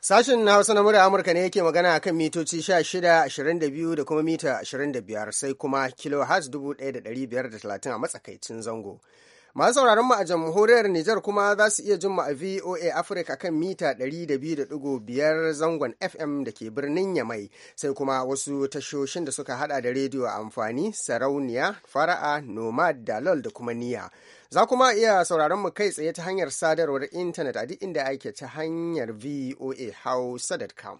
Sashen Hausa na murya Amurka ne yake magana kan mitoci 16, 22 da kuma mita 25 sai kuma kilo 1530 a matsakaicin zango. Masu sauraron mu a jamhuriyar Nijar kuma za su iya jin a VOA Africa kan mita 200.5 zangon FM da ke birnin Yamai sai kuma wasu tashoshin da suka hada da rediyo amfani sarauniya fara'a nomad dalol da kuma niya. Za kuma iya sauraron mu kai tsaye ta hanyar sadarwar intanet a duk inda ake ta hanyar voa hausa.com.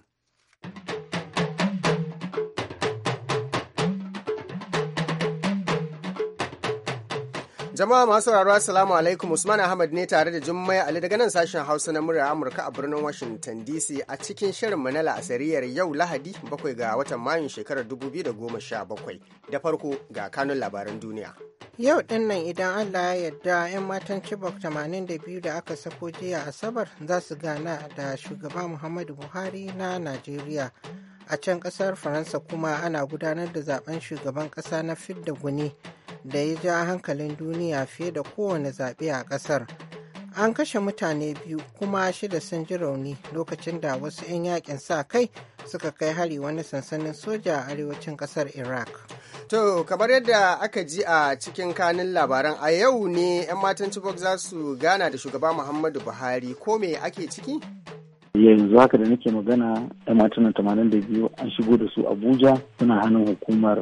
Jama'a masu sauraro Assalamu alaikum Usman Ahmad ne tare da Jummai Ali daga nan sashen Hausa na muryar Amurka a birnin Washington DC a cikin shirin mu na la'asariyar yau Lahadi bakwai ga watan Mayun shekarar 2017. Da farko ga kanun labaran duniya. Yau din idan Allah ya yarda 'yan matan Chibok 82 da aka sako jiya Asabar za su gana da shugaba Muhammadu Buhari na Najeriya. A can kasar Faransa kuma ana gudanar da zaben shugaban kasa na fidda guni. guni da ya ja hankalin duniya fiye da kowane zaɓe a ƙasar. An kashe mutane biyu kuma shida sun ji rauni lokacin da wasu 'yan yakin sa kai suka kai hari wani sansanin soja a arewacin ƙasar Iraq. To, kamar yadda aka ji a cikin kanin labaran a yau ne 'yan matan Chibok za su gana da shugaba Muhammadu Buhari ko me ake ciki? yanzu haka da nake magana 'yan matan 82 an shigo da su Abuja suna hannun hukumar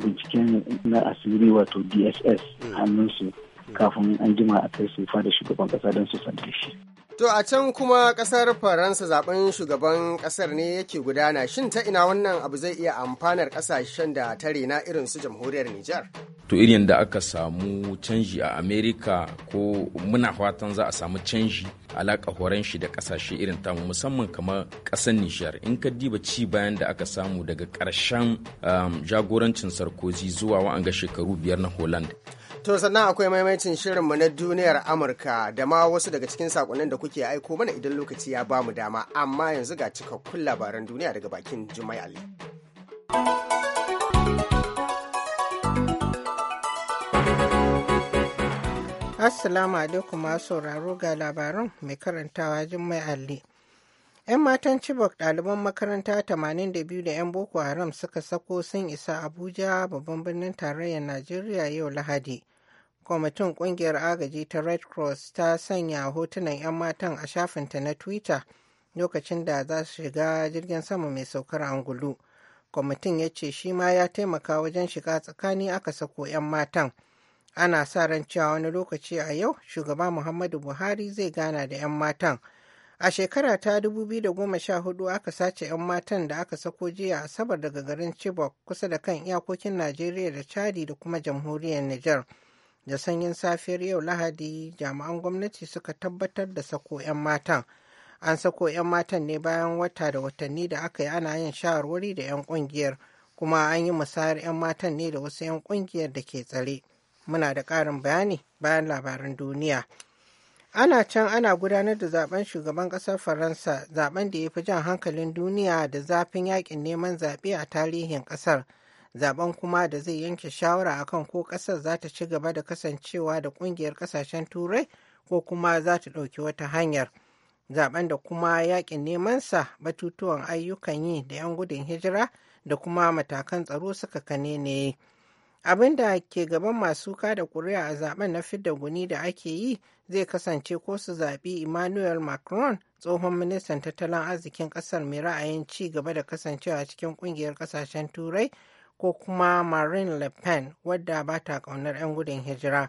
binciken na asiri wato dss hannunsu hmm. kafin an jima a kai su fada shugaban kasa don su sanda shi To a can kuma kasar Faransa zaben shugaban kasar ne yake gudana shin ta ina wannan abu zai iya amfanar kasashen da tare na irin su jamhuriyar Nijar? To irin da aka samu canji a Amerika ko muna fatan za a samu canji alaka horon shi da kasashe irin tamu musamman kamar ƙasar Nijar in ka diba ci bayan da aka samu daga ƙarshen um, jagorancin Sarkozy zuwa wa'anga shekaru biyar na Holland. To sannan akwai maimaitin shirinmu na duniyar Amurka da ma wasu daga cikin sakonnin da kuke aiko mana idan lokaci ya bamu dama amma yanzu ga cikakkun labaran duniya daga bakin Jumai Ali. Assalamu alaikum masu sauraro ga labaran mai karantawa Jummai Ali. 'Yan matan Chibok ɗaliban makaranta 82 da 'yan Boko Haram suka sako sun isa Abuja babban birnin tarayyar Najeriya yau Lahadi kwamitin kungiyar agaji ta red cross ta sanya hotunan 'yan matan a shafinta na twitter lokacin da za su shiga jirgin sama mai saukar angulu kwamitin ya ce shi ma ya taimaka wajen shiga tsakani aka sako 'yan matan ana sa ran cewa wani lokaci a yau shugaba muhammadu buhari zai gana da 'yan matan a shekara ta 2014 aka sace 'yan matan da aka sako jiya asabar daga garin chibok kusa da kan iyakokin najeriya da chadi da kuma jamhuriyar niger da sanyin safiyar yau lahadi jami'an gwamnati suka tabbatar da sako 'yan matan an sako 'yan matan ne bayan wata da watanni da aka yi ana yin shawarwari da 'yan kungiyar kuma an yi musayar 'yan matan ne da wasu 'yan kungiyar da ke tsare muna da ƙarin bayani bayan labaran duniya ana can ana gudanar da zaben shugaban ƙasar faransa zaben da ya fi jan hankalin duniya da zafin yakin neman zaɓe a tarihin ƙasar. zaben kuma da zai yanke shawara akan ko ƙasar za ta ci gaba da kasancewa da ƙungiyar ƙasashen turai ko kuma za ta ɗauki wata hanyar zaben da kuma yakin sa batutuwan ayyukan yi da 'yan gudun hijira da kuma matakan tsaro suka kane ne abin da ke gaban masu kada kuri'a a zaben na fidda guni da ake yi zai kasance ko su zaɓi emmanuel macron tsohon ministan tattalin arzikin ƙasar mai ra'ayin ci gaba da kasancewa cikin ƙungiyar ƙasashen turai ko kuma Marine Le Pen wadda ba ta ƙaunar 'yan gudun hijira.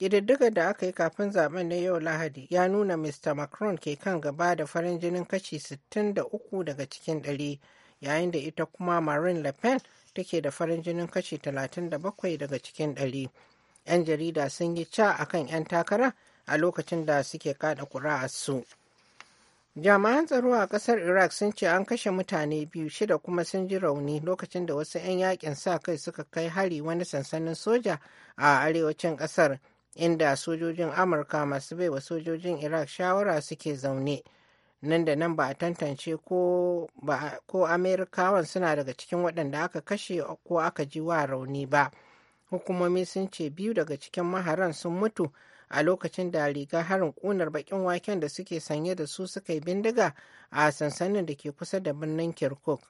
Ƙididdigar da aka yi kafin zaben na yau Lahadi ya nuna Mr. Macron ke kan gaba da farin jinin kashi 63 daga cikin ɗari, yayin da ita kuma Marine Le Pen take da farin jinin kashi 37 daga cikin ɗari. 'Yan jarida sun yi ca kan 'yan takara a lokacin da suke kada su. jami'an tsaro a kasar iraq sun ce an kashe mutane biyu shida kuma sun ji rauni lokacin da wasu 'yan yakin sa kai suka kai hari wani sansanin soja a arewacin kasar inda sojojin amurka masu baiwa sojojin iraq shawara suke zaune nan da nan ba a tantance ko amerikawan suna daga cikin waɗanda aka kashe ko aka ji wa rauni ba hukumomi sun ce biyu daga cikin maharan sun mutu a lokacin da riga harin ƙunar bakin waken da suke sanye da su suka yi bindiga a sansanin da ke kusa da birnin kirkuk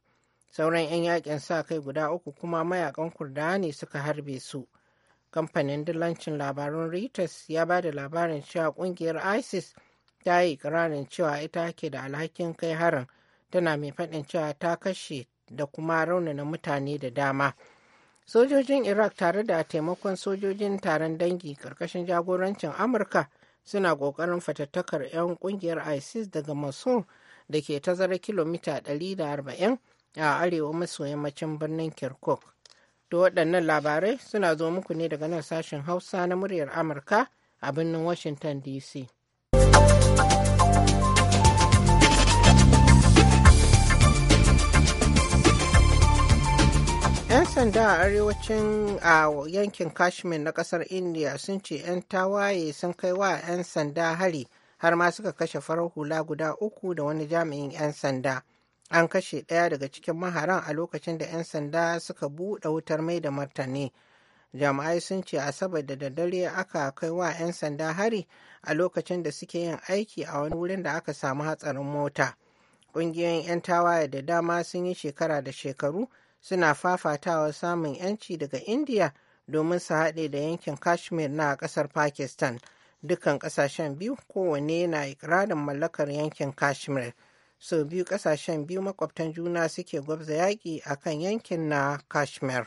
sauran 'yan yakin sa kai guda uku kuma mayakan kurda ne suka harbe su kamfanin dillancin labarun reuters ya ba da labarin cewa kungiyar isis ta yi ikirarin cewa ita ke da alhakin kai harin tana mai faɗin cewa ta kashe da kuma raunana mutane da dama. sojojin iraq tare da taimakon sojojin taron dangi karkashin jagorancin amurka suna kokarin fatattakar 'yan kungiyar isis daga mosul da ke tazara kilomita 140 a arewa maso yammacin birnin kirkuk to waɗannan labarai suna zo muku ne daga nan sashen hausa na muryar amurka a birnin washington dc sanda a arewacin a yankin kashmir na kasar india sun ce 'yan tawaye sun kai wa 'yan sanda hari har ma suka kashe farar hula guda uku da wani jami'in 'yan sanda an kashe ɗaya daga cikin maharan a lokacin da 'yan sanda suka buɗe wutar mai da martani jami'ai sun ce asabar da daddare aka kai wa 'yan sanda hari a lokacin da suke yin aiki a wani wurin da aka samu hatsarin mota ƙungiyoyin 'yan tawaye da dama sun yi shekara da shekaru suna fafatawa samun 'yanci daga indiya domin su haɗe da yankin kashmir na ƙasar pakistan dukkan ƙasashen biyu kowanne na ikirarin mallakar yankin kashmir sau biyu ƙasashen biyu makwabtan juna suke gwabza yaƙi a kan yankin na kashmir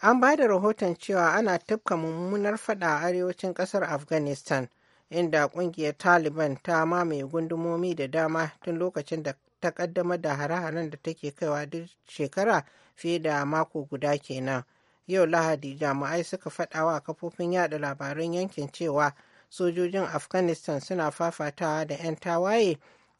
an ba da rahoton cewa ana tafka mummunar fada a arewacin ƙasar afghanistan inda ƙungiyar taliban ta mamaye gundumomi da dama tun lokacin da ta kaddamar da hare-haren da take kaiwa duk shekara fiye da mako guda kenan yau lahadi jami'ai suka faɗawa kafofin yada labaran yankin cewa sojojin afghanistan suna fafatawa da 'yan tawaye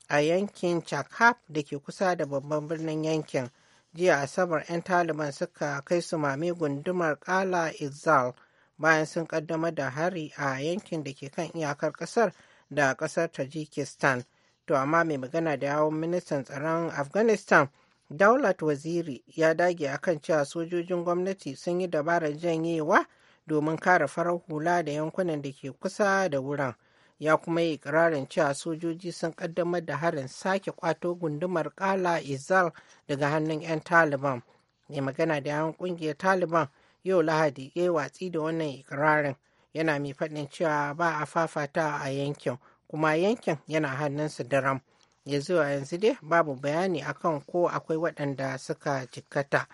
a yankin chakhab da ke kusa da babban birnin yankin jiya asabar 'yan taliban suka kai su mame gundumar kala izal bayan sun kaddamar da hari a yankin da ke kan iyakar kasar da kasar tajikistan to amma mai magana da yawon ministan tsaron afghanistan daulat waziri ya dage akan cewa sojojin gwamnati sun yi dabarar janyewa domin kare farar hula da yankunan da ke kusa da wurin ya kuma yi ikirarin cewa sojoji sun kaddamar da harin sake kwato gundumar kala izal daga hannun 'yan taliban mai magana da yawon kungiyar taliban yau lahadi ya watsi da wannan ikirarin yana mai faɗin cewa ba a fafata a yankin kuma yankin yana hannunsu daram ya zuwa yanzu dai babu bayani akan ko akwai waɗanda suka jikkata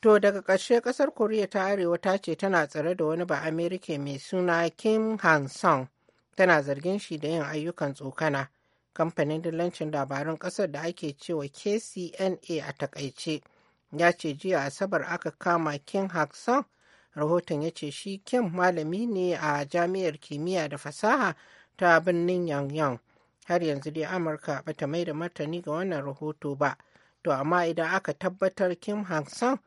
to daga ƙarshe ƙasar koriya ta arewa ta ce tana tsare da wani ba amerika mai suna kim han song tana zargin shi da yin ayyukan tsokana kamfanin dillancin labarun ƙasar da ake cewa kcna a takaice ya ce jiya asabar aka kama kim han song rahoton ya ce shi kim malami ne a jami'ar kimiyya da fasaha ta birnin yangyang har yanzu dai amurka bata mai da martani ga wannan rahoto ba to amma idan aka tabbatar kim hansan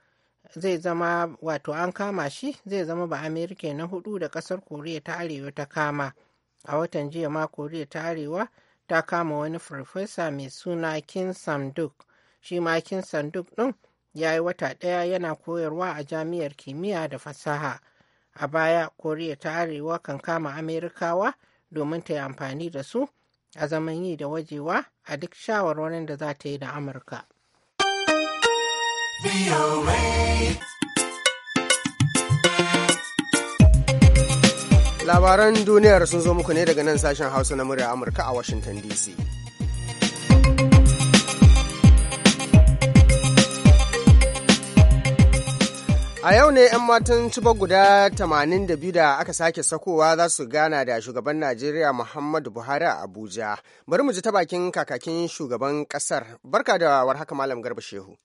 zai zama wato an kama shi zai zama ba amerika na hudu da kasar koriya ta arewa ta kama a watan jiya ma koriya ta arewa ta kama wani farfesa mai suna kim samduk shi ma kim samduk din ya yi wata ɗaya yana koyarwa a jami'ar kimiyya da fasaha a baya koriya ta arewa kan kama amerikawa domin ta yi amfani da su a zaman yi da wajewa a duk shawarwarin da za ta yi da amurka labaran duniyar sun zo muku ne daga nan sashen hausa na murya amurka a washington dc A yau ne 'yan matan tuba guda 82 da aka sake sakowa za su gana da shugaban Najeriya Muhammadu Buhari a Abuja. Bari mu ji ta bakin kakakin shugaban kasar. Barka da warhaka Malam Garba Shehu.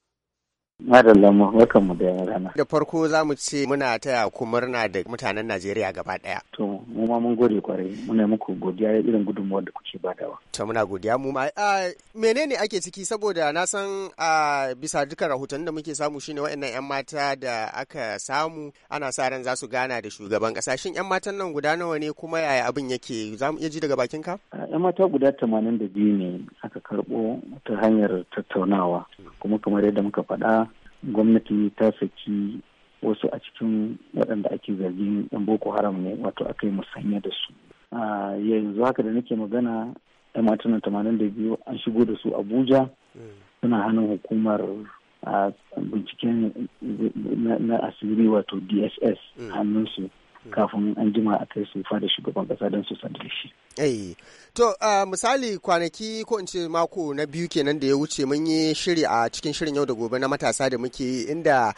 Madallama, barkan mu da rana. Da farko za mu ce muna taya ku murna da mutanen Najeriya gaba ɗaya. To, mu ma mun gode kwarai, muna muku godiya irin gudunmuwar da kuke badawa. To, muna godiya mu ma. menene ake ciki saboda na san a bisa dukkan rahoton da muke samu shine waɗannan 'yan mata da aka samu ana sa ran za su gana da shugaban ƙasa. Shin 'yan matan nan guda nawa ne kuma yaya abin yake? Za mu iya ji daga bakin ka? 'Yan mata guda tamanin da biyu ne aka karɓo ta hanyar tattaunawa. Kuma kamar yadda muka faɗa gwamnati ta saki wasu a cikin waɗanda ake zargin yan boko haram ne wato aka yi musanya da su yanzu haka da nake magana yan matan tamanin da biyu an shigo da su abuja suna hannun hukumar binciken na asiri wato dss mm. hannunsu kafin an jima a kai su fada shugaban kasa don su sadu da shi. Eh, to misali kwanaki ko in ce mako na biyu kenan da ya wuce mun yi shiri a cikin shirin yau da gobe na matasa da muke inda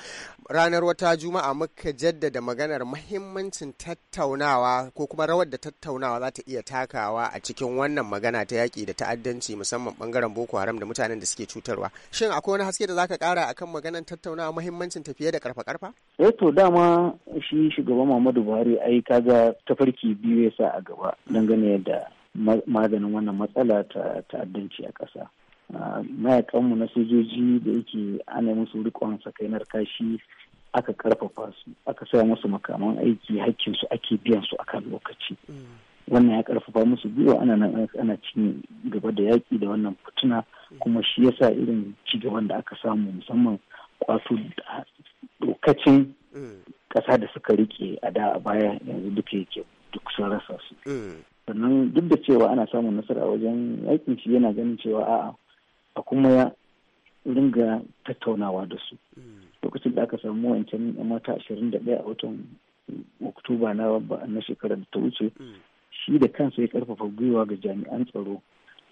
ranar wata juma'a muka jaddada maganar mahimmancin tattaunawa ko kuma rawar da tattaunawa za ta iya takawa a cikin wannan magana ta yaƙi da ta'addanci musamman bangaren boko haram da mutanen da suke cutarwa shin akwai wani haske da zaka ƙara akan maganar tattaunawa mahimmancin tafiye da karfa karfa eh to dama shi shugaban muhammadu ba. buhari ai kaga tafarki biyu ya sa a gaba dangane da maganin wannan matsala ta ta'addanci a ƙasa ah, mayakanmu na sojoji da yake ana musu rikon sakainar kashi aka karfafa su aka sa musu makaman aiki hakkin su ake biyan su akan lokaci mm. wannan ya karfafa musu biyu ana ana cin gaba da yaƙi da wannan fituna kuma shi yasa irin ci gaban da aka samu musamman kwaso dokacin ƙasa da suka rike a da a baya yanzu duka yake duk sun rasa su mm. sannan duk da cewa ana samun nasara wajen yakin shi yana ganin cewa a'a a kuma ya ringa tattaunawa da su mm. lokacin da aka samu wancan mata ashirin da ɗaya a watan oktoba na na shekarar da ta wuce mm. shi da kansa ya karfafa gwiwa ga jami'an tsaro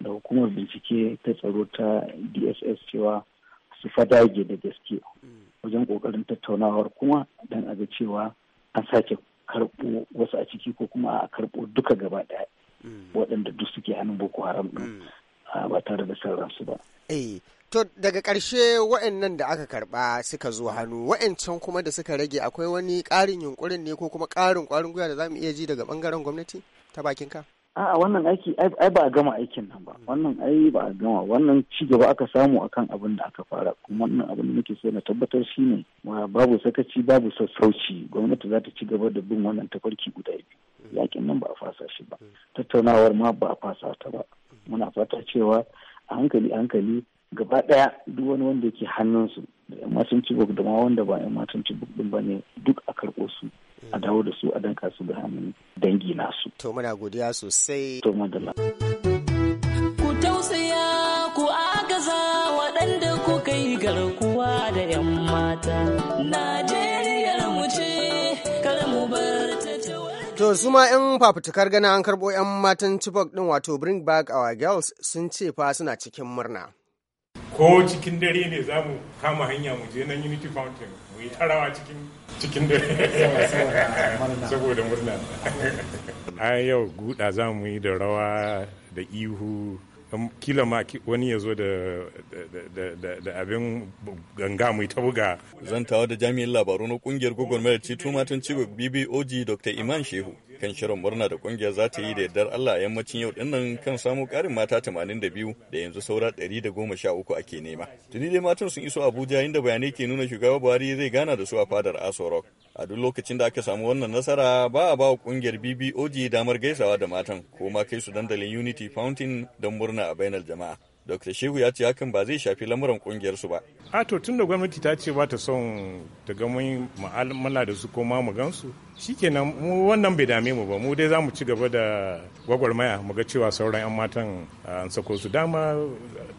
da hukumar bincike ta tsaro ta dss cewa su fadage da gaske wajen kokarin tattaunawar kuma dan a ga cewa an sake karɓo wasu a ciki ko kuma a karɓo duka gaba ɗaya mm. waɗanda duk suke hannun boko haram ɗin mm. ba tare da su ba. Eh, to daga ƙarshe waɗannan da aka karɓa suka zo hannu waɗancan kuma da suka rage akwai wani ƙarin yunkurin ne ko kuma ƙarin ƙwarin gwiwa da za mu iya ji daga ɓangaren gwamnati ta bakin ka? a'a wannan aiki ai ba a gama aikin nan ba hmm. wannan ai ba a gama wannan ci gaba aka samu akan abin da aka fara kuma wannan abin da nake so na tabbatar shine babu sakaci babu sassauci gwamnati za ta ci gaba da bin wannan tafarki guda biyu hmm. yakin nan ba a fasa shi ba hmm. tattaunawar ma ba a fasa ta ba muna fata cewa a hankali hankali gaba daya duk wani wanda yake hannunsu da yan matan cibok da ma wanda ba yan matan cibok din ba ne duk a karɓo su a dawo da su a danka su da hannun dangi nasu. To muna godiya sosai. To madalla. Ku tausaya ku agaza waɗanda ku kai garkuwa da 'yan mata. Najeriyar mu ce kar mu bar To su ma 'yan fafutukar gana an karɓo 'yan matan Chibok ɗin wato Bring Back Our Girls sun ce fa suna cikin murna. Ko cikin dare ne za mu kama hanya mu je nan Unity Fountain mu yi tarawa cikin cikin dare saboda murna a yau guda za mu yi da rawa da ihu kila ma wani ya zo da abin ganga mai ta buga zantawa da jami'in labaru na kungiyar gwagwarmayar ceto matan ciwo bbog dr iman shehu kan shirin murna da kungiyar za ta yi da yardar Allah a yammacin yau dinnan kan samu karin mata 82 da yanzu saura 113 ake nema. Tuni dai matan sun iso Abuja inda bayanai ke nuna shugaba Buhari zai gana da su a fadar Aso Rock. A duk lokacin da aka samu wannan nasara ba a ba kungiyar BBOG damar gaisawa da matan ko ma kai su dandalin Unity Fountain don murna a bainar jama'a. Dr. Shehu ya ce hakan ba zai shafi lamuran kungiyar ba. A to tun da gwamnati ta ce ba ta son ta ga mun mu'amala da su ko ma mu gansu shikenan mu wannan bai dame mu ba mu dai za mu ci gaba da gwagwarmaya mu ga cewa sauran 'yan matan an sako su dama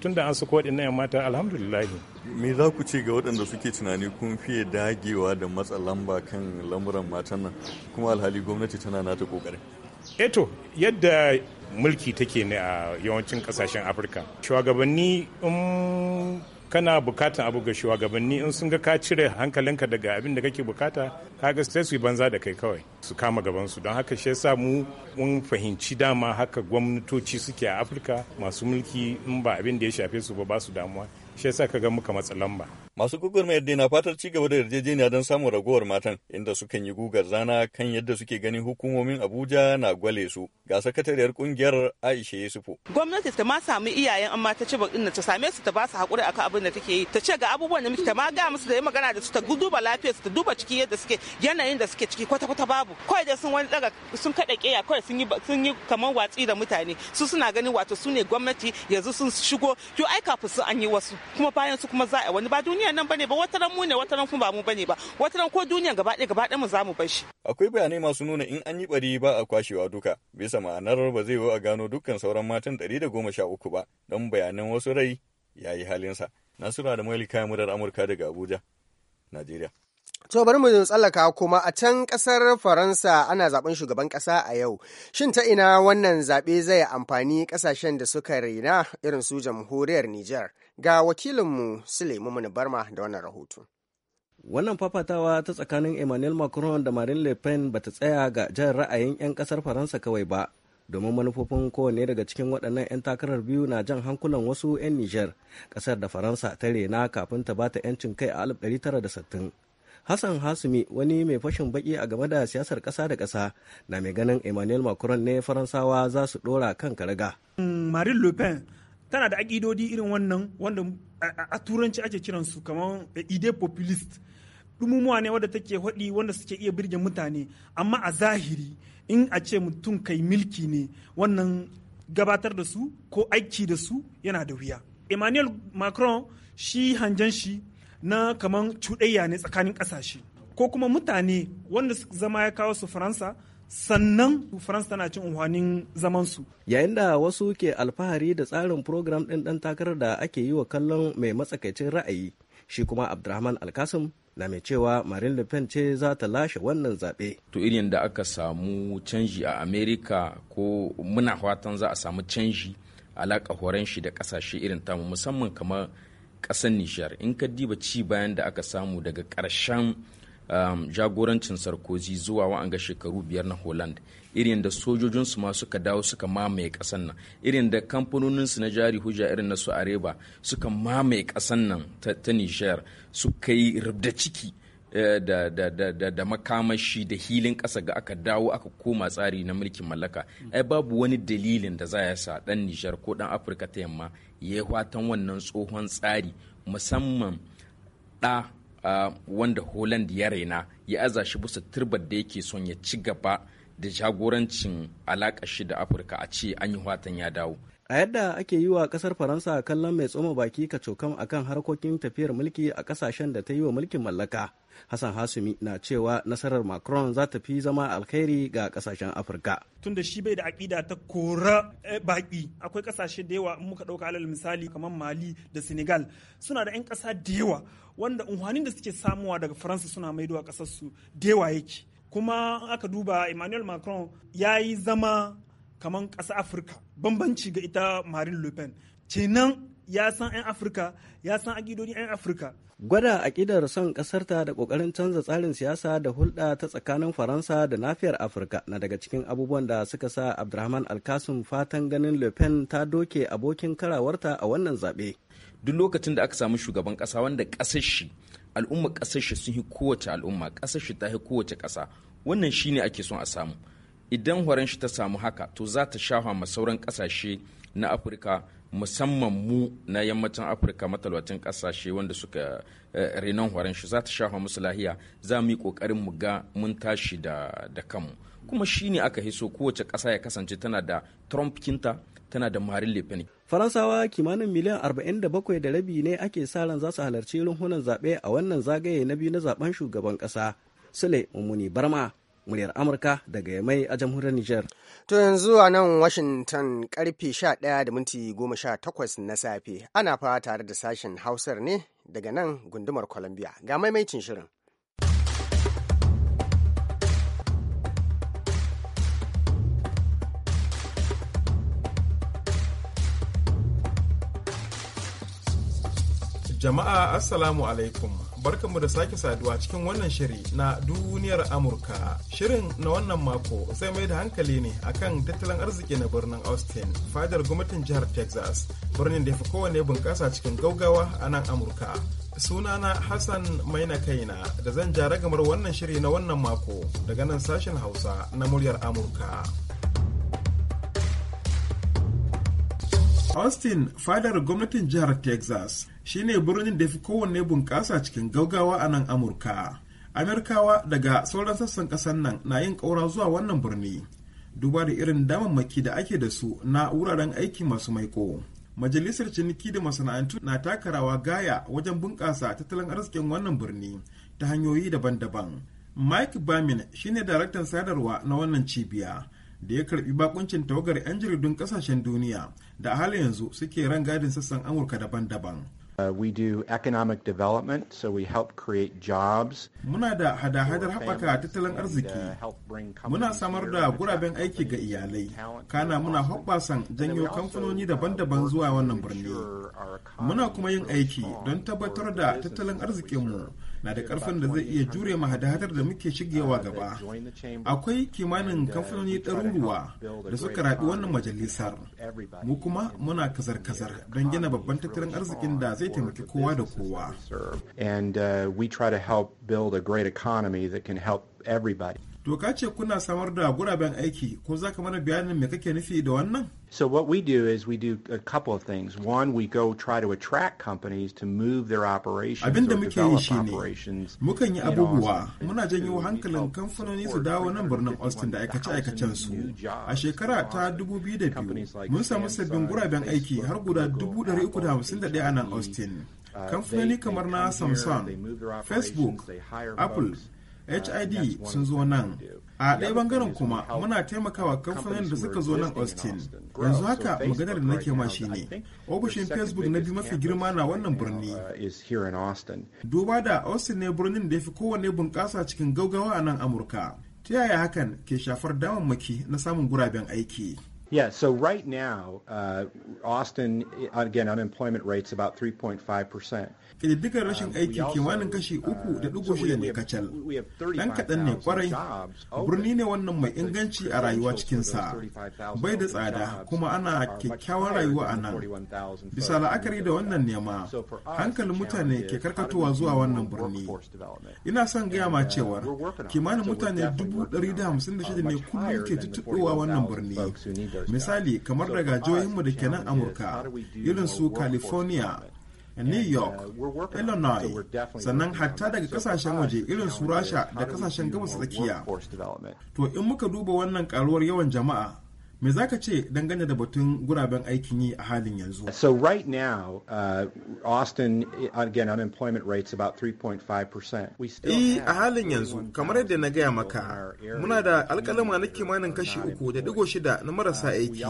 tun da an sako waɗannan 'yan mata alhamdulillah. Me za ku ce ga waɗanda suke tunani kun fiye dagewa da matsa lamba kan lamuran matan nan kuma alhali gwamnati tana nata ƙoƙarin. eto eh yadda mulki take ne a yawancin kasashen afirka shugabanni in kana bukatan abu ga shugabanni in sun ga ka cire hankalinka daga abin da kake bukata kaga sai su yi banza da kai kawai su kama gaban su don haka shi yasa mu mun fahimci dama haka gwamnatoci suke a afirka masu mulki in ba abin da ya shafe su ba ba su damuwa shi yasa ka ga muka matsa lamba Masu gugurmayar dai na fatar ci gaba da yarjejeniya don samun ragowar matan inda sukan yi gugar zana kan yadda suke ganin hukumomin Abuja na gwale su. Ga sakatariyar kungiyar Aisha Yusufu. Gwamnati ta ma samu iyayen amma ta ci bakin ta same su ta ba su hakuri akan abin da take yi. Ta ce ga abubuwan da muke ta ma ga musu da yi magana da su ta duba lafiyar su ta duba ciki yadda suke yanayin da suke ciki kwata kwata babu. Kawai da sun wani daga sun kada keya kawai sun yi sun yi kamar watsi da mutane. Su suna ganin wato su ne gwamnati yanzu sun shigo to ai kafin su an yi wasu kuma bayan su kuma za a wani ba duniya duniya nan bane ba wata mu ne wata ran kuma ba mu bane ba wata ran ko duniya gaba ɗaya gaba ɗaya mu za bar shi akwai bayanai masu nuna in an yi bari ba a kwashewa duka bisa ma'anar ba zai yi a gano dukkan sauran matan ɗari da goma 113 ba don bayanan wasu rai ya yi halinsa nasura da kayan murar amurka daga abuja najeriya To bari mu tsallaka kuma a can kasar Faransa ana zaben shugaban kasa a yau. Shin ta ina wannan zaɓe zai amfani kasashen da suka raina irin su jamhuriyar Nijar? Ga wakilinmu Sulaimu Muni Barma da wannan rahoto. Wannan fafatawa ta tsakanin Emmanuel Macron da Marine Le Pen ba ta tsaya ga jan ra'ayin 'yan kasar Faransa kawai ba, domin manufofin kowane daga cikin waɗannan 'yan takarar biyu na jan hankulan wasu 'yan niger kasar da Faransa ta rena kafin ta bata 'yancin kai a 1960. Hassan Hasumi wani mai fashin baki a game da siyasar ƙasa da ƙasa na mai ganin Emmanuel Macron ne Faransawa za su ɗora kan karaga. Marine Le Pen tana da aƙidodi irin wannan wanda a turanci ake kiransu kamar ide populist dumumuwa ne wadda take haɗi wanda suke iya birge mutane amma a zahiri in a ce mutum kai milki ne wannan gabatar da su ko aiki da su yana da wuya emmanuel macron shi hanjan shi na kaman cuɗayya ne tsakanin ƙasashe ko kuma mutane wanda zama ya kawo su faransa sannan faransa tana cin zaman zamansu yayin da wasu ke alfahari da tsarin program ɗin ɗan takarar da ake yi wa kallon mai matsakaicin ra'ayi shi kuma abdulrahman alkasim na mai cewa marine le pen ce za ta lashe wannan zaɓe to irin da aka samu canji a amerika ko muna fatan za a samu canji alaƙa horon shi da ƙasashe irin tamu musamman kamar ƙasar nishiyar in ka diba ci bayan da aka samu daga ƙarshen um, jagorancin sarkozy zuwa wa'anga shekaru biyar na holland irin da sojojinsu ma suka dawo suka mamaye kasan nan irin da kamfanoninsu na jari hujja irin na su areba suka mamaye kasan nan ta, niger suka yi rubda ciki eh, da, da, da, da, makamashi da hilin ƙasa ga aka dawo aka koma tsari na mulkin mallaka ai babu wani dalilin da za ya sa ɗan nijar ko ɗan afirka ta yamma ya yi watan wannan tsohon tsari musamman ɗa wanda Holland ya raina ya aza shi bisa turbar da yake son ya ci gaba da jagorancin alaƙa shi da Afirka a ce an yi watan ya dawo. a yadda ake yi wa kasar faransa kallon mai tsoma baki kacokam kan harkokin tafiyar mulki a kasashen da ta yi wa mulkin mallaka hassan hasumi na cewa nasarar macron za ta fi zama alkhairi ga kasashen afirka tun da shi bai da aƙida ta kora eh, baƙi akwai kasashe da yawa in muka ɗauka alal misali kamar mali da senegal suna da 'yan ƙasa da yawa wanda unhwanin da suke samuwa daga faransa suna a ƙasarsu da yawa yake kuma aka duba emmanuel macron ya yi zama kamar ƙasa afirka bambanci ga ita marine le pen kenan ya san 'yan afirka ya san akidodin 'yan afirka gwada a akidar son ƙasarta da ƙoƙarin canza tsarin siyasa da hulɗa ta tsakanin faransa da nafiyar afirka na daga cikin abubuwan da suka sa abdulrahman alkasum fatan ganin le pen ta doke abokin karawarta a wannan zaɓe duk lokacin da aka samu shugaban ƙasa wanda ƙasar shi al'umma ƙasar shi sun yi kowace al'umma ƙasar shi ta yi kowace ƙasa wannan shine ake son a samu idan horon shi ta samu haka to za ta shafa ma sauran kasashe na afirka musamman mu na yammacin afirka matalwacin kasashe wanda suka eh, eh, renon horon shi za ta shafa musu lahiya za mu yi kokarin mu ga mun tashi da kanmu kuma shi ne aka hiso kowace kasa ya kasance tana da trump kinta tana da marin lefeni. faransawa kimanin miliyan 47 da rabi ne ake sa ran za su halarci runhunan zaɓe a wannan zagaye na biyu na zaben shugaban ƙasa sule mummuni barma muryar amurka daga yamai a jamhuriyar nijar. to yanzu a nan washington karfe 11 da minti 18 na safe ana fara tare da sashen hausar ne daga nan gundumar columbia ga maimaicin shirin jama'a assalamu alaikum barkanmu da sake saduwa cikin wannan shiri na duniyar Amurka. Shirin na wannan mako zai mai da hankali ne akan tattalin arziki na birnin Austin, fadar gwamnatin jihar Texas, birnin da ya fi kowane bunƙasa cikin gaugawa a nan Amurka. Sunana Hassan Maina Kaina da zan ja ragamar wannan shiri na wannan mako daga nan sashen Hausa na muryar Amurka. austin fadar gwamnatin jihar texas shine birnin da fi kowanne bunƙasa cikin gaugawa a nan amurka amerikawa daga sauran sassan ƙasar nan na yin ƙaura zuwa wannan birni duba da irin damammaki da ake da su na wuraren aiki masu maiko majalisar ciniki da masana'antu na taka rawa gaya wajen bunƙasa tattalin arzikin wannan birni ta hanyoyi daban-daban mike bamin shine daraktan sadarwa na wannan cibiya da ya karbi bakuncin tawagar 'yan jaridun kasashen duniya da a halin yanzu suke ran gadin sassan amurka daban-daban Uh, we do economic development, so we help create jobs. Muna da hada-hadar haɓaka tattalin uh, arziki. Muna samar da guraben aiki ga iyalai. Kana muna hoɓɓasan janyo kamfanoni daban-daban zuwa wannan birni. Muna kuma yin aiki don tabbatar da tattalin arzikinmu. na da ƙarfin da zai iya jure ma hadahadar da muke shigewa gaba akwai kimanin kamfanoni ɗaruruwa da suka raɓi wannan majalisar mu kuma muna kazar-kazar don gina babban tattalin arzikin da zai taimaki kowa da kowa and uh, we try to help build a great economy that can help everybody doka ce kuna samar da guraben aiki, ko za ka mana bayanin me kake nufi da wannan? So what we do is we do a couple of things. One, we go try to attract companies to move their operations Abin da muke yi shi ne, mukan yi abubuwa, muna janyo hankalin kamfanoni su dawo nan birnin Austin da aikace-aikacen su. A shekara ta 2002, mun samu sabbin guraben aiki har guda 351 a nan Austin. Uh, kamfanoni kamar na Samsung, Facebook, Apple, hid sun zo nan a ɗaya bangaren kuma muna taimakawa kamfanin da suka zo nan austin yanzu haka maganar da nake ma shi ne ofishin facebook na bi mafi girma na wannan birni duba da austin ne birnin da ya fi kowane bunƙasa cikin gaugawa a nan amurka ta yaya hakan ke shafar damammaki na samun guraben aiki Yeah, so right now, uh, Austin, uh, again, unemployment rate's about 3.5%. Ƙididdigar rashin um, aiki kimanin kashi uh, uku da ɗigo shida ne kacal. Ɗan kaɗan ne kwarai. Birni ne wannan mai inganci a rayuwa cikinsa. Bai da tsada kuma ana kyakkyawan rayuwa a nan. Bisa la'akari da wannan nema, hankalin mutane ke karkatowa zuwa wannan birni. Ina son gaya ma uh, cewar kimanin mutane dubu ɗari da hamsin da shida ne kullum ke tuttuɓewa wannan birni. misali kamar daga jihohinmu da ke nan amurka irin su california new uh, york illinois sannan hatta daga kasashen waje irin su rasha da kasashen gabas tsakiya to in muka duba wannan karuwar yawan jama'a Me za ka ce dangane da batun guraben aikin yi a halin yanzu? So right now, uh, Austin, uh, again, unemployment rate's about 3.5%. We e, a halin yanzu, kamar yadda na gaya maka, muna da alkalama na kimanin kashi uku da digo shida na marasa uh, aiki.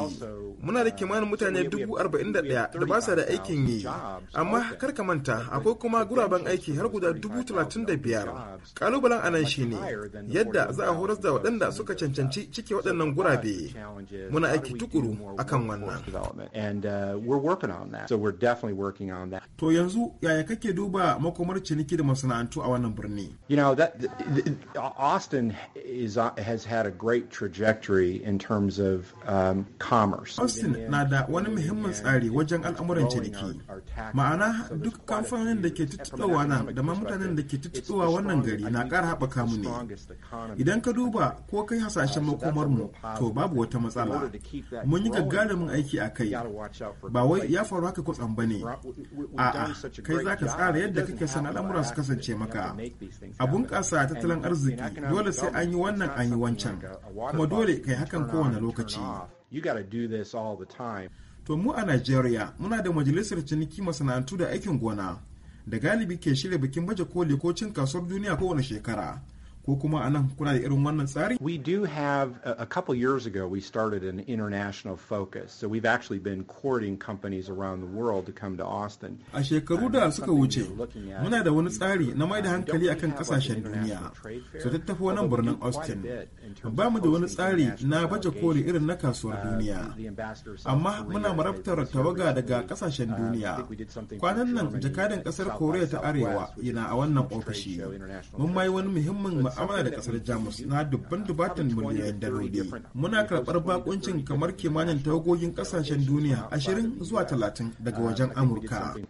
Muna da kimanin mutane dubu arba'in da ɗaya da ba sa da aikin yi. Amma kar ka manta, akwai kuma guraben aiki har guda dubu talatin da biyar. Kalubalen anan shi ne, yadda za a horas da waɗanda suka cancanci cike waɗannan gurabe. Muna aiki tukuru akan wannan. To yanzu yaya kake duba makomar ciniki da masana'antu a wannan birni? You know that the, the, Austin is uh, has had a great trajectory in terms of um, commerce. Austin na da wani muhimmin tsari wajen al'amuran ciniki. Ma'ana duk kamfanin da ke tuttuɗowa nan da ma mutanen da ke tuttuɗowa wannan gari na ƙara haɓaka mu ne. Idan ka duba ko kai hasashen makomar mu to babu wata matsala. ba mun yi gagarumin aiki a kai ba wai ya faru haka kwatsam ba ne a'a kai za ka tsara yadda kake son al'amura su kasance maka a bunƙasa tattalin arziki dole sai an yi wannan an yi wancan kuma dole kai hakan kowane lokaci to mu a Najeriya muna da majalisar ciniki masana'antu da aikin gona da galibi ke shirya bikin baje koli ko cin kasuwar duniya kowane shekara ko kuma anan kuna da irin wannan tsari? We do have a, couple years ago we started an international focus. So we've actually been courting companies around the world to come to Austin. A shekaru da um, suka wuce muna da wani tsari na mai da um, hankali akan kasashen duniya. Su birnin Austin. Ba mu da wani tsari na baje koli irin na kasuwar uh, duniya. Amma muna marabtar tawaga daga kasashen uh, duniya. Kwanan nan jakadan kasar Koriya ta Arewa yana a wannan ofishi. Mun mai wani muhimmin amana da kasar jamus na dubban dubatan miliyoyin daloli muna karɓar bakuncin kamar kimanin tagogin kasashen duniya ashirin zuwa talatin daga uh, wajen amurka uh,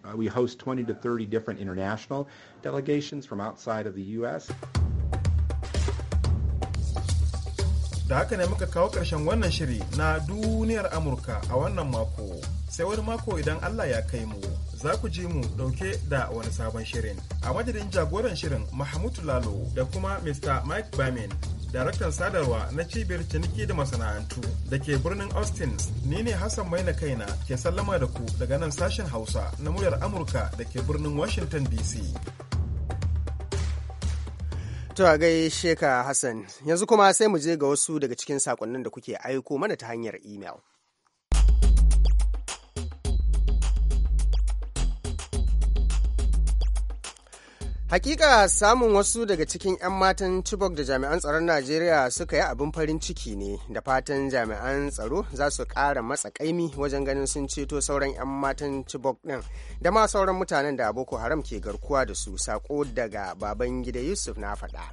da haka ne muka kawo ƙarshen wannan shiri na duniyar amurka a wannan mako sai wani mako idan Allah ya kai mu za ku ji mu ɗauke da wani sabon shirin. A madadin jagoran shirin Mahmud Lalo da kuma Mr. Mike Bamin, daraktan sadarwa na cibiyar ciniki da masana'antu da ke birnin Austin, ni ne Hassan Maina kaina ke sallama da ku daga nan sashen Hausa na muryar Amurka da ke birnin Washington DC. To a gaishe Hassan, yanzu kuma sai mu je ga wasu daga cikin sakonnin da kuke aiko mana ta hanyar imel. Hakika samun wasu daga cikin 'yan matan Chibok da jami'an tsaron Najeriya suka yi abin farin ciki ne da fatan jami'an tsaro za su ƙara matsa kaimi wajen ganin sun ceto sauran 'yan matan Chibok ɗin da ma sauran mutanen da Boko Haram ke garkuwa da su sako daga baban gida Yusuf na faɗa.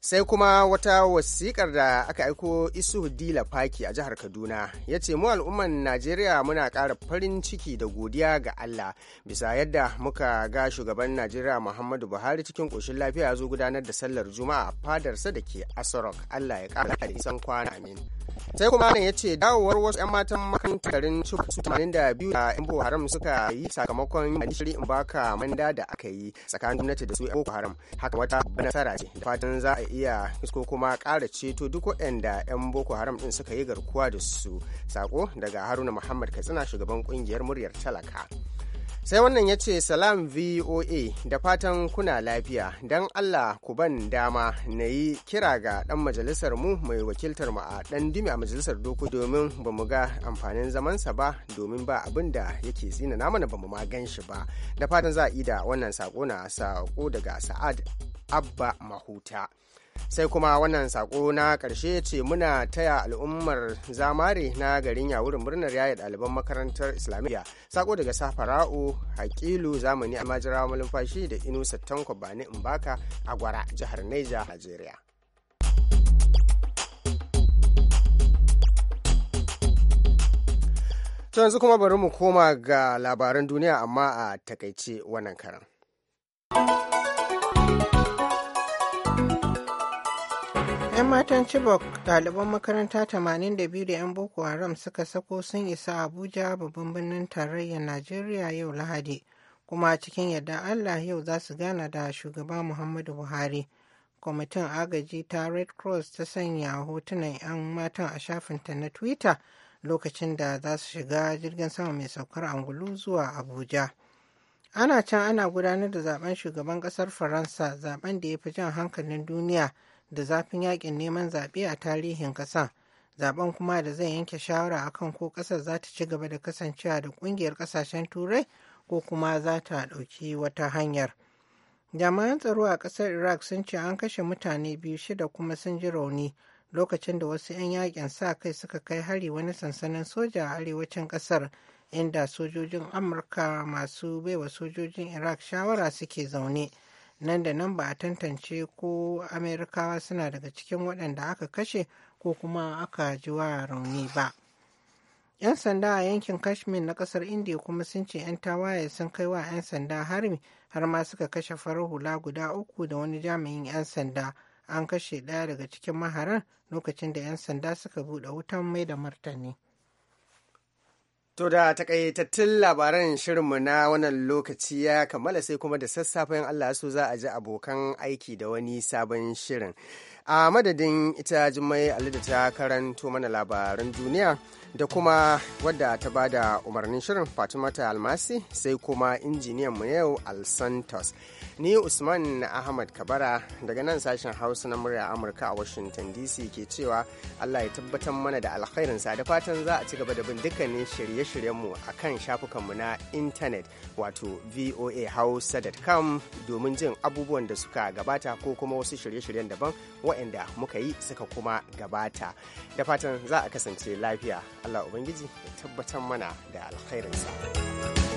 sai kuma wata wasikar da aka aiko isu dila faki a jihar kaduna ya ce mu al'umman najeriya muna kara farin ciki da godiya ga allah bisa yadda muka ga shugaban najeriya muhammadu buhari cikin ƙoshin lafiya ya zo gudanar da sallar juma'a fadarsa da ke asorok allah ya ƙara nisan kwana amin sai kuma nan ya ce dawowar wasu 'yan matan makarantar garin su tamanin da biyu 'yan boko haram suka yi sakamakon yin shirin baka manda da aka yi tsakanin gwamnati da su 'yan boko haram haka wata nasara ce da fatan za a iya isko kuma kara ceto duk waɗanda 'yan boko haram din suka yi garkuwa da su sako daga haruna muhammad katsina shugaban ƙungiyar muryar talaka. sai wannan ya ce salam voa da fatan kuna lafiya don allah ku ban dama na yi kira ga dan majalisar mu mai wakiltar mu a dan dimi a majalisar doku domin ba mu ga amfanin zamansa ba domin ba abin da yake tsina na mana ba mu ma gan shi ba da fatan za a ida wannan sako na sako daga sa'ad abba mahuta sai kuma wannan sako na karshe ce muna taya al'ummar zamare na garin yawurin murnar yaya ɗaliban makarantar islamiyya sako daga safara'u hakilu zamani a majira malumfashi da inusa tanko bani mbaka a gwara jihar neja nigeria To yanzu kuma bari mu koma ga labaran duniya amma a takaice wannan karan. 'Yan matan Chibok ɗaliban makaranta 82 da 'yan Boko Haram suka sako sun isa Abuja babban birnin tarayyar Najeriya yau Lahadi, kuma cikin yadda Allah yau za su gana da shugaba Muhammadu Buhari. Kwamitin agaji ta Red Cross ta sanya hotunan 'yan matan a shafinta na Twitter lokacin da za su shiga jirgin sama mai saukar angulu zuwa Abuja. Ana can ana gudanar da zaben shugaban kasar Faransa zaben da ya fi jan hankalin duniya. da zafin yakin neman zaɓe a tarihin ƙasa zaben kuma da zai yanke shawara akan ko ƙasar za ta ci gaba da kasancewa da ƙungiyar ƙasashen turai ko kuma za ta ɗauki wata hanyar jami'an tsaro a ƙasar iraq sun ce an kashe mutane biyu shida kuma sun ji rauni lokacin da wasu 'yan yakin sa kai suka kai hari wani sansanin soja a arewacin ƙasar inda sojojin amurka masu baiwa sojojin iraq shawara suke zaune. nan da nan ba a tantance ko amerikawa suna daga cikin waɗanda aka kashe ko kuma aka ji wa rauni ba 'yan sanda a yankin kashmir na ƙasar Indiya kuma sun ce 'yan tawaye sun kai wa 'yan sanda harmi har ma suka kashe farar hula guda uku da wani jami'in 'yan sanda an kashe ɗaya daga cikin maharan lokacin da 'yan sanda suka buɗe wutan mai da martani To da takaitattun labaran shirinmu na wannan lokaci ya kammala sai kuma da sassafen Allah so za a ji abokan aiki da wani sabon shirin. a madadin ita jimai alida ta karanto mana labaran duniya da kuma wadda ta ba da umarnin shirin fatimata almasi sai kuma injiniyan mu yau alsantos ni usman ahmad kabara daga nan sashen hausa na murya amurka a washington dc ke cewa allah ya tabbatar mana da alkhairin sa da fatan za a ci gaba da bin dukkanin shirye-shiryenmu a kan shafukanmu na intanet wato voahausa.com domin jin abubuwan da suka gabata ko kuma wasu shirye-shiryen daban waɗanda muka yi suka kuma gabata da fatan za a kasance lafiya allah ubangiji ya tabbatar mana da alkhairinsa